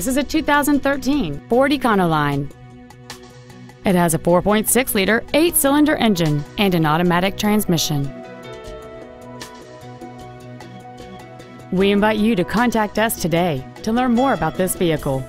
This is a 2013 Ford Econoline. It has a 4.6-liter, eight-cylinder engine and an automatic transmission. We invite you to contact us today to learn more about this vehicle.